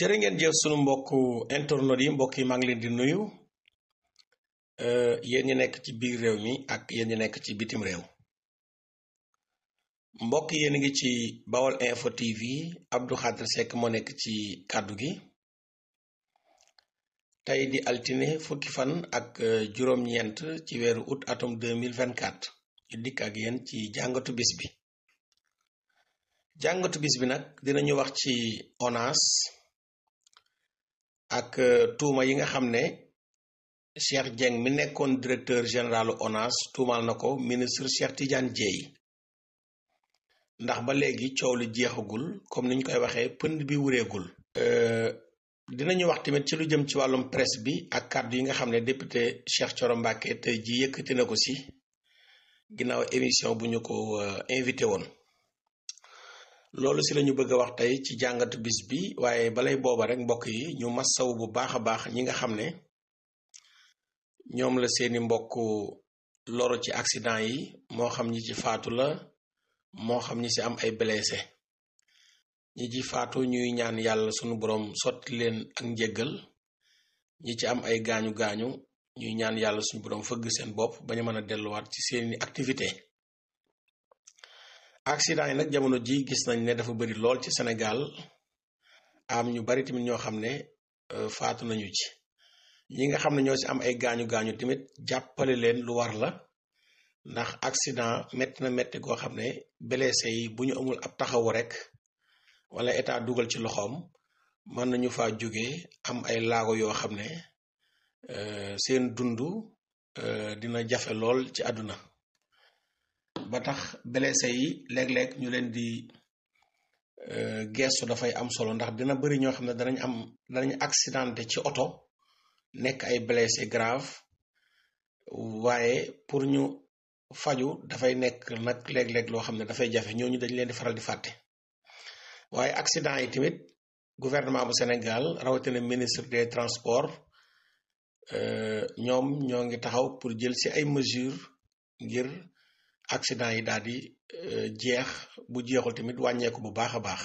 jërë ngeen jëf sunu mbokku internet yi mbokk yi maa ngi leen di nuyu eh, yéen ñi nekk ci biir réew mi ak yéen ñi nekk ci bitim réew mbokk yéen a ngi ci Bawol Info TV Abdou Khadre Seck moo nekk ci kàddu gi tey di altine fukki fan ak eh, juróom-ñeent ci weeru août atum 2024 ñu dikk ak yéen ci jàngatu bis bi jàngatu bis bi nag dinañu wax ci ONAS ak euh, tuuma yi nga xam ne Cheikh Dieng mi nekkoon directeur généralu ONAS tuumal na ko ministre Cheikh Tidiane Dièye ndax ba léegi coow li jeexagul comme ni ñu koy waxee pënd bi wureegul. Euh, dinañu wax tamit ci lu jëm ci wàllum presse bi ak kàddu yi nga xam ne député Cheikh Thioro Mbacké tey ji yëkkati na ko si ginnaaw émission bu ñu ko euh, invité woon. loolu si lañu ñu bëgg a wax tey ci jàngatu bis bi waaye balay booba rek mbokk yi ñu mas massaw bu baax a baax ñi nga xam ne ñoom la seeni mbokk loru ci accident yi moo xam ñi ci faatu la moo xam ñi ci am ay blessé ñi ci faatu ñuy ñaan yàlla sunu boroom sotti leen ak njéggal ñi ci am ay gaañu gaañu ñuy ñaan yàlla suñu boroom fëgg seen bopp bañu mën a delluwaat ci seeni activité accident yi nag jamono ji gis nañ ne dafa bëri lool ci senegal am ñu bari tamit ñoo xam ne euh, faatu nañu ci ñi nga xam ne ñoo ci am ay gaañu gaañu tamit jàppale leen lu war la ndax accident metti na métti goo xam ne blessé yi bu ñu amul ab taxawu rek wala état dugal ci loxoom mën nañu fa jóge am ay laago yoo xam ne euh, seen dund euh, dina jafe lool ci àdduna ba tax blessé yi léeg-léeg ñu leen di euh, gestu dafay am solo ndax dina bari ñoo xam ne danañ am danañ accidenté ci oto nekk ay blessé grave waaye pour ñu faju dafay nekk nag léeg-léeg loo xam ne dafay jafe ñooñu dañ leen di faral di fàtte waaye accident yi tamit gouvernement bu Sénégal rawatina ministre des transports euh, ñoom ñoo ngi taxaw pour jël ci ay mesures ngir accident yi daal di euh, jeex bu jeexul tamit wàññeeku bu baax a baax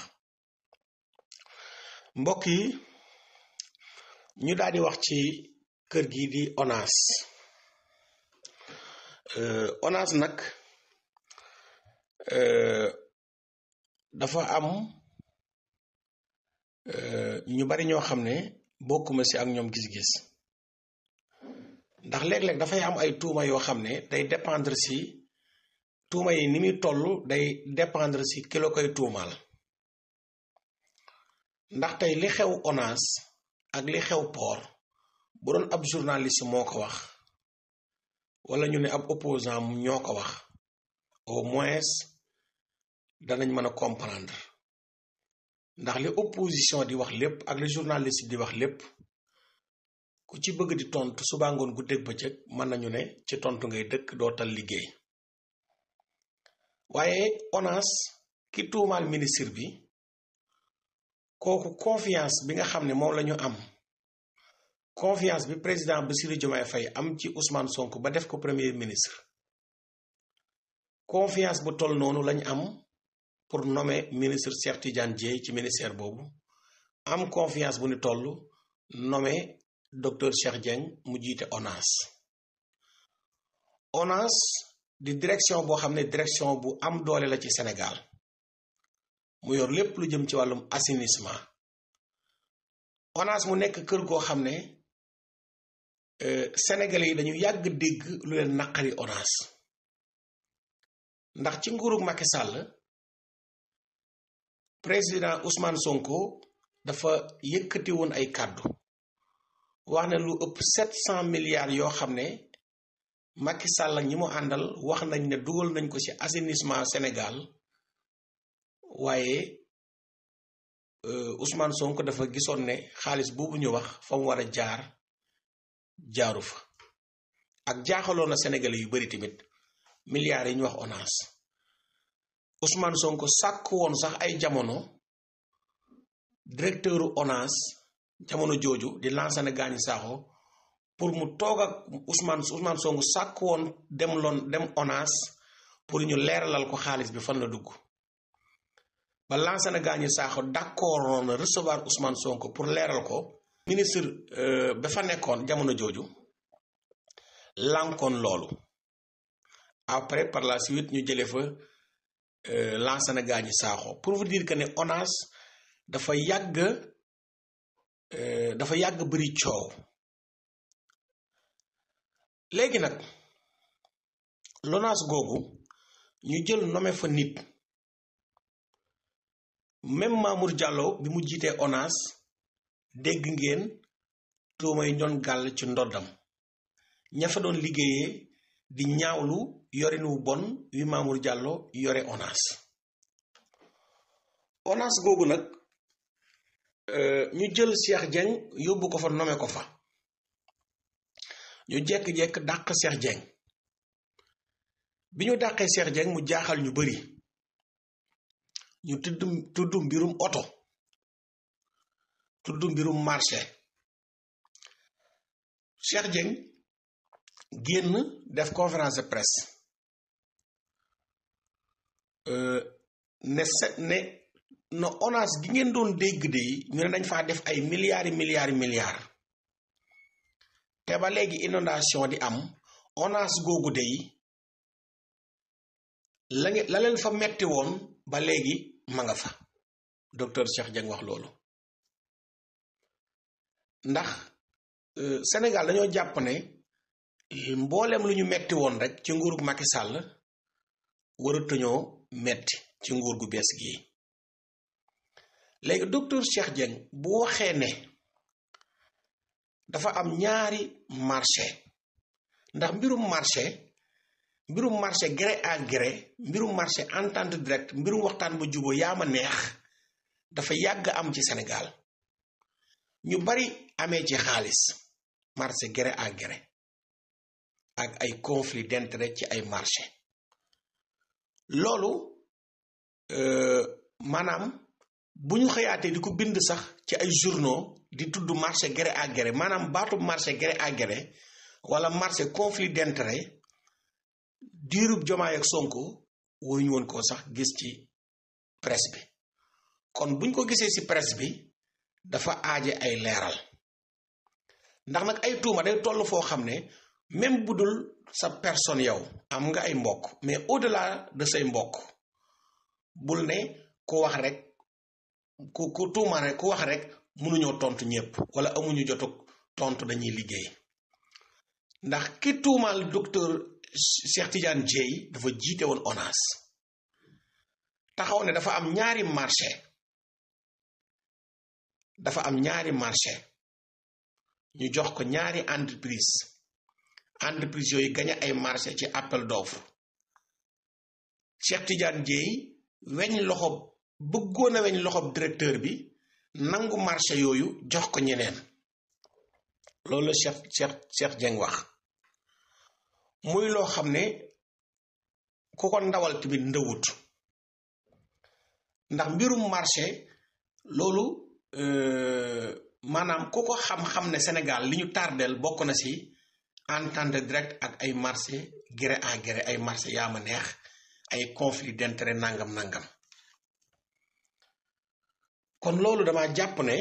mbokk yi ñu daal di wax ci kër gi di ONAS euh, ONAS nag euh, dafa am ñu bari ñoo xam ne bokkuma si ak ñoom gis-gis ndax léeg-léeg dafay am ay tuuma yoo xam ne day dépendre si tuuma yi ni muy toll day dépendre si kilo la koy tuumaal ndax tey li xew ONAS ak li xew poor bu doon ab journaliste moo ko wax wala ñu ne ab opposant ñoo ko wax au moins danañ mën a comprendre ndax li opposition di wax lépp ak li journaliste di wax lépp ku ci bëgg di tontu suba ngoon guddeeg bëccëg mën nañu ne ci tontu ngay dëkk dootal liggéey waaye ONAS ki tuumaal ministre bi kooku confiance bi nga xam ne moom la ñu am confiance bi président Bassirou Diomaye fay am ci Ousmane sonk ba def ko premier ministre confiance bu toll noonu lañu am pour nommer ministre Cheikh Tidiane Dièye ci ministère boobu am confiance bu ni toll nome docteur Cheikh Dieng mu jiite ONAS ONAS di direction boo xam ne direction bu am doole la ci Sénégal mu yor lépp lu jëm ci wàllum assainissement ONAS mu nekk kër goo xam ne euh, Sénégalais yi dañu yàgg dégg lu leen naqari ONAS ndax ci nguurug Macky Sall président Ousmane Sonko dafa yëkkati woon ay kàddu wax ne lu ëpp sept cent milliards yoo xam ne. Macky Sall ñi mu àndal wax nañ ne dugal nañ ko ci assainissement Sénégal waaye euh, Ousmane Sonko dafa gisoon ne xaalis boobu ñu wax fa mu war a jaar jaaru fa ak jaaxaloon na Sénégalais yu bari tamit milliards yi ñu wax ONAS Ousmane Sonko sàkk woon sax ay jamono directeur u ONAS jamono jooju di Lansana Gagny Sakho pour mu toog ak Ousmane Ousmane Sonko sàkk woon dem loon dem ONAS pour ñu leeralal ko xaalis bi fan la dugg ba Lansana Gagny Sakho d'accord woon recevoir Ousmane Sonko pour leeral ko ministre euh, ba fa nekkoon jamono jooju lànkoon loolu après par la suite ñu jëlee fa euh, Lansana Gagny Sakho pour vous dire que ne ONAS dafa yàgg euh, dafa yàgg bëri coow léegi nag Lonase googu ñu jël nommé fa nit même Mamour Diallo bi mu jiitee Onas dégg ngeen tuuma doon gàll ci ndoddam ña fa doon liggéeyee di ñaawlu yorin bon wi Mamour Diallo yore Onas Onas googu nag euh, ñu jël Cheikh Dieng yóbbu ko fa nome ko fa ñu jekk-jekk dàq seex Dieng bi ñu dàqee Cheikh Dieng mu jaaxal ñu bari ñu tudd tudd mbirum oto tudd mbirum marché Cheikh Dieng génn def conférence de presse euh, ne se ne na ONAS gi ngeen doon dégg de ñu ne dañ fa def ay milliards milliards milliards te ba léegi inondation di am ONAS googu dey la la fa metti woon ba léegi ma fa docteur Cheikh Dieng wax loolu ndax euh, Sénégal dañoo jàpp ne mboolem lu ñu metti woon rek ci nguurug Macky Sall waratuñoo metti ci nguur gu bees gi léegi docteur Cheikh Dieng bu waxee ne dafa am ñaari marché ndax mbirum marché mbirum marché gré à gré mbirum marché entente direct mbirum waxtaan ba jubóo yaama neex dafa yàgg am ci Sénégal ñu bari amee ci xaalis marché gré à gré ak ay conflit d'intérêt ci ay marché loolu euh, bu ñu xëyaatee di ko bind sax ci ay journaux di tudd marché gré à maanaam baatu marché gré à wala marché conflit d'intérêt diirub Jomaay ak Sonko wooñu woon koo sax gis ci presse bi kon buñ ko gisee ci presse bi dafa aaje ay leeral ndax nag ay tuuma day toll foo xam ne même bu dul sa personne yow am nga ay mbokk mais au delà de say mbokk bul ne ku wax rek ku ku tuuma ku wax rek mënuñoo tontu ñëpp wala amuñu jotug tontu dañuy liggéey ndax ki tuumaal docteur Cheikh Tidiane dafa jiite woon ONAS taxaw ne dafa am ñaari marché dafa am ñaari marché ñu jox ko ñaari entreprise entreprise yooyu gañe ay marché ci appel d'offre Cheikh Tidiane weñ loxo bëggoon a weñ loxob directeur bi nangu marché yooyu jox ko ñeneen loolu la Cheikh Cheikh wax muy loo xam ne ku ko ndawal tamit ndëwut ndax mbirum marché loolu euh, maanaam ku ko xam-xam ne Sénégal li ñu tardeel bokk na si entente direct ak ay marché gré à gré ay marché yaa neex ay conflit d'intérêt nangam nangam kon loolu damaa jàpp ne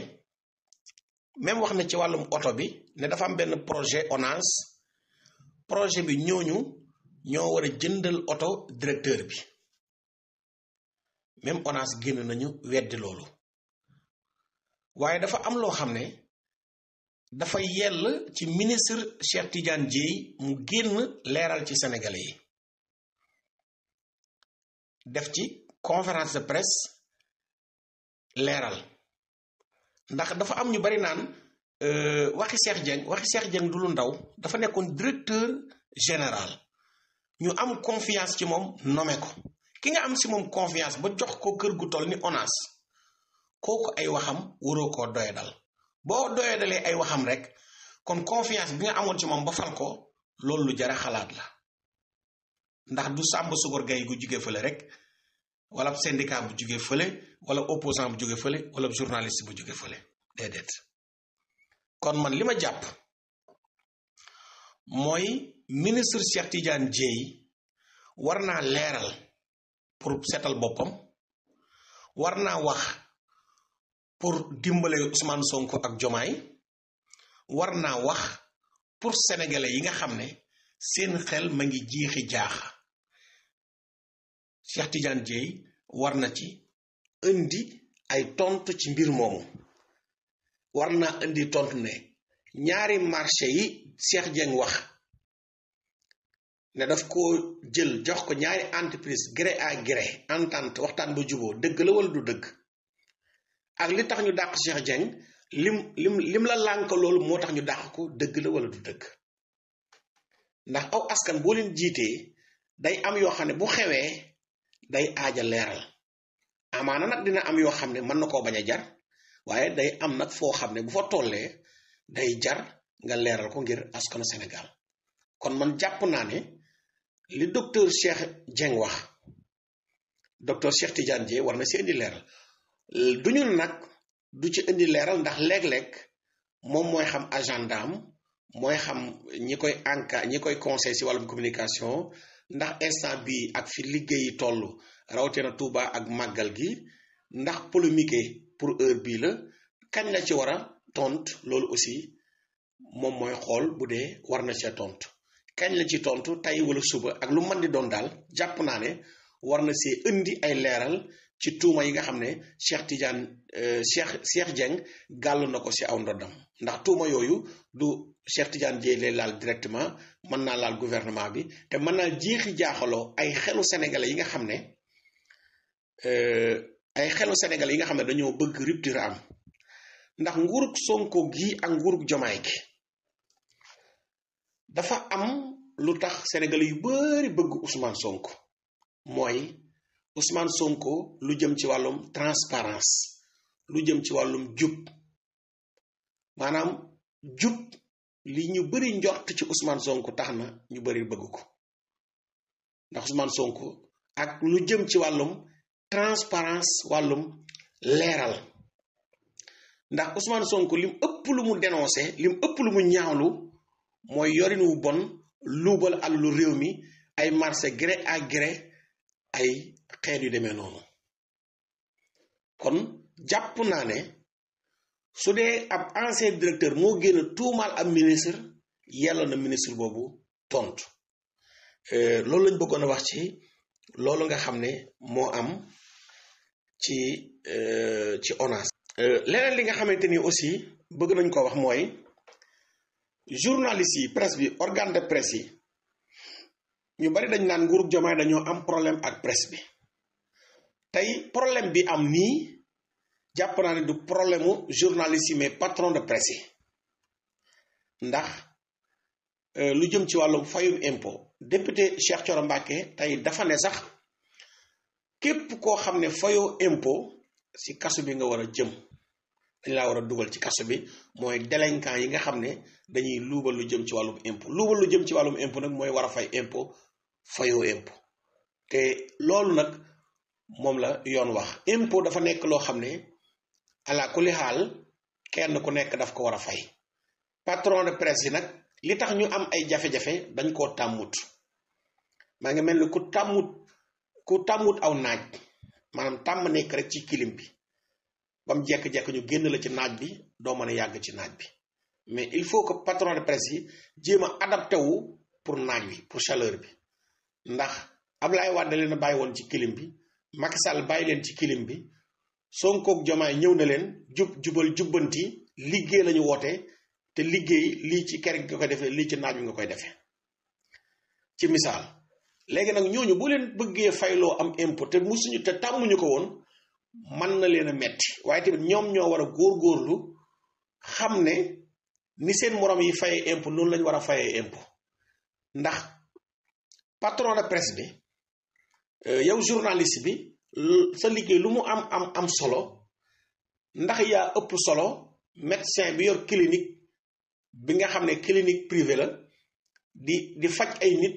même wax na ci wàllum oto bi ne dafa am benn projet ONAS projet bi ñooñu ñoo war a jëndal oto directeur bi même ONAS génn nañu weddi loolu waaye dafa am loo xam ne dafa yell ci ministre Cheikh Tidiane Dièye mu génn leeral ci sénégalais yi def ci conférence de presse leeral ndax dafa am ñu bari naan euh, waxi Cheikh Dieng waxi Cheikh Dieng du ndaw dafa nekkoon directeur général ñu am confiance ci moom nommé ko ki nga am si moom confiance ba jox ko kër gu toll ni ONAS kooku ay waxam waroo koo doyadal boo doyadalee ay waxam rek kon confiance bi nga amoon ci moom ba fal loolu lu jara xalaat la ndax du sàmb sugor gay gu jugee fële rek wala syndicat bu jugee fële wala opposant bu jóge fële wala journaliste bu jóge fale déedéet kon man li ma jàpp mooy ministre Cheikh Tidiane Dièye war naa leeral pour seetal boppam war naa wax pour dimbale Ousmane Sonko ak Jomaay war naa wax pour sénégalais yi nga xam ne seen xel ma ngi jiixi jaaxa Cheikh Tidiane Dièye war na ci indi ay tontu ci mbir moomu war naa indi tontu ne ñaari marché yi Cheikh Dieng wax ne daf ko jël jox ko ñaari entreprise gré à gré entente waxtaan bu juboo dëgg la wala du dëgg ak li tax ñu dàq seex Dieng lim lim la lànk loolu moo tax ñu dàq ko dëgg la wala du dëgg ndax aw askan boo leen jiitee day am yoo xam ne bu xewee day aaja leeral amaana nag dina am yoo xam ne mën na koo bañ a jar waaye day am nag foo xam ne bu fa tollee day jar nga leeral ko ngir askanu Sénégal kon man jàpp naa ne li docteur Cheikh Dieng wax docteur Cheikh Tidiane Dieng war na si indi leeral du ñu nag du ci indi leeral ndax léeg-léeg moom mooy xam agenda am mooy xam ñi koy ANCAR ñi koy conseil si wàllum communication ndax instant bi ak fi liggéeyi toll rawatina Touba ak màggal gi ndax polémique pour heure bii la kañ la ci war a tontu loolu aussi moom mooy xool bu dee war na cee tontu kañ la ci tontu tey wala suba ak lu mën di doon daal jàpp naa ne war na see indi ay leeral ci tuuma yi nga xam ne Cheikh Tidiane euh, Cheikh Cheikh Dieng gàll na ko si aw ndoddam ndax tuuma yooyu du Cheikh Tidiane Dieng laal directement mën naa laal gouvernement bi te mën naa jeexi jaaxaloo ay xelu sénégalais yi nga xam ne. Euh, ay xelu Sénégal yi nga xam ne dañoo bëgg rupture am ndax nguurug Sonko gi ak nguurug Jomaay gi dafa am lu tax Sénégal yu bari bëgg Ousmane Sonko mooy Ousmane Sonko lu jëm ci wàllum transparence lu jëm ci wàllum jub maanaam jub li ñu bari njort ci Ousmane Sonko tax na ñu bari bëgg ko ndax Ousmane Sonko ak lu jëm ci wàllum transparence wàllum leeral ndax Ousmane Sonko lim ëpp lu mu dénoncé lim ëpp lu mu ñaawlu mooy yorin wu bon luubal alalu réew mi ay marché gré à gré ay xeet yu demee noonu kon jàpp naa ne su dee ab ancien directeur moo génn tuumaal ab ministre yàlla na ministre boobu tontu euh, loolu lañ bëggoon a wax ci. loolu nga xam ne moo am ci euh, ci ONAS euh, leneen li nga xamante ni aussi bëgg nañ ko wax mooy journalistes yi presse bi organe de presse yi ñu bari dañ naan nguurug Jomaay dañoo am problème ak presse bi tey problème bi am nii jàpp naa ne du problème mu yi mais patron de presse yi ndax Euh, lu jëm ci wàllum fayum impo député Cheikh Thioro Mbacké tey dafa ne sax képp koo xam ne fayoo impo si kaso bi nga war a jëm dañ laa war a dugal ci kaso bi mooy délinquant yi nga xam ne dañuy luubal lu jëm ci wàllum impo luubal lu jëm ci wàllum impôt nag mooy war a fay impôt fayoo impôt te loolu nag moom la yoon wax impo dafa nekk loo xam ne ala kulli xaal kenn ku nekk daf ko war a fay patron de presse yi nag li tax ñu am ay jafe-jafe dañ koo tàmmut maa ngi mel ni ku tàmmut ku tàmmut aw naaj maanaam tàmm nekk rek ci kilim bi ba mu jekk-jekk ñu génn la ci naaj bi doo mën a yàgg ci naaj bi mais il faut que patron de presse yi jéem a adapté wu pour naaj bi pour chaleur bi ndax Ablaye Wade leen a bàyyi woon ci kilim bi Macky bàyyi leen ci kilim bi Sonko ak Jomaay ñëw na leen jub jubal jubbanti liggéey lañu woote te liggéey lii ci kër gi nga koy defee lii ci naaj bi nga koy defee ci misaal léegi nag ñooñu boo leen bëggee fayloo am impôt te musuñu te tàmmuñu ko woon man na leen a metti waaye tamit ñoom ñoo war a góorlu xam ne ni seen morom yi fayee impôt noonu lañu war a fayee impôt ndax patron de presse bi euh, yow journaliste bi sa liggéey lu mu am am am solo ndax yaa ëpp solo médecin bi yor clinique bi nga xam ne clinique privée la di di faj ay nit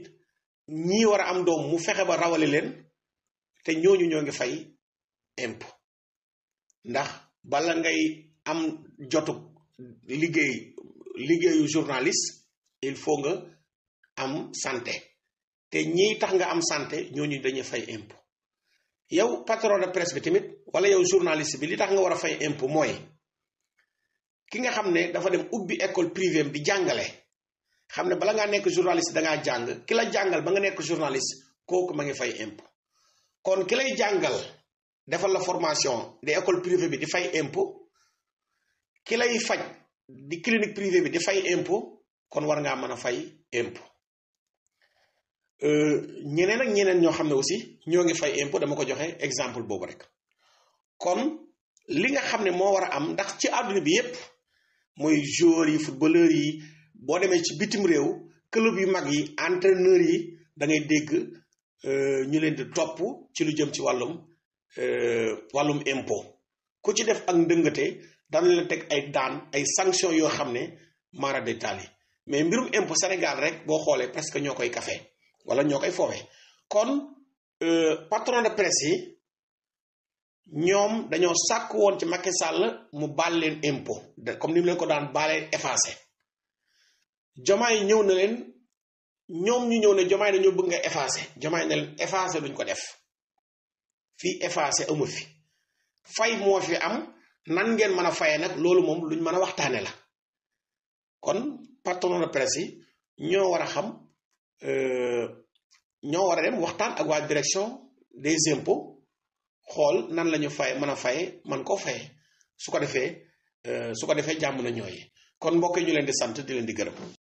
ñii war a am doom mu fexe ba rawale leen te ñooñu ñoo ngi fay impôt ndax bala ngay am jotu liggéey liggéeyu journaliste il faut nga am santé te ñiy tax nga am santé ñooñu dañuy fay impôt yow patron de presse bi tamit wala yow journaliste bi li tax nga war a fay impôt mooy ki nga xam ne dafa dem ubbi école privée di jàngale xam ne bala ngaa nekk journaliste dangaa jàng ki la jàngal ba nga nekk journaliste kooku ma ngi fay impôt kon ki lay jàngal defal la formation di école privée bi di fay impôt ki lay faj di clinique privée bi di fay impôt kon war ngaa mën a fay impôt euh, ñeneen ak ñeneen ñoo xam ne aussi ñoo ngi fay impôt dama ko joxe exemple boobu rek kon li nga xam ne moo war a am ndax ci àdduna bi yépp mooy joueurs yi footballeurs yi boo demee ci bitim réew club yu mag yi entraîneurs yi da ngay dégg euh, ñu leen di topp ci lu jëm ci wàllum euh, wàllum impôt ku ci def ak ndëngate dana la teg ay daan ay sanctions yoo xam ne mara détail yi mais mbirum impôt Sénégal rek boo xoolee presque ñoo koy kafe wala ñoo koy foofee kon euh, patron de presse yi ñoom dañoo sàkk woon ci Macky Sall mu baal leen impôt comme ni mu leen ko daan baalee effacé jomaay ñëw na leen ñoom ñu ñëw ne jomaay dañoo bëgg nga effacé jomaay ne leen effacé duñ ko def fii effacé amu fi fay moo fi am nan ngeen mën a fayee nag loolu moom luñ mën a waxtaane la kon patron de yi ñoo war a xam euh, ñoo war a dem waxtaan ak waa direction des impôts xool nan la ñu fay mën a fay man ko faye su ko defee euh, su ko defee jàmm na ñooy kon mbokk ñu leen di sant di leen di gërëm.